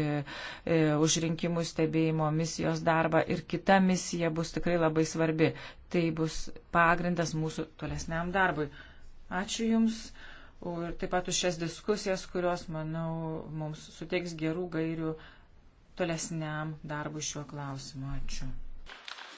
E, e, už rinkimų stebėjimo misijos darbą ir kita misija bus tikrai labai svarbi. Tai bus pagrindas mūsų tolesniam darbui. Ačiū Jums ir taip pat už šias diskusijas, kurios, manau, mums suteiks gerų gairių tolesniam darbui šiuo klausimu. Ačiū.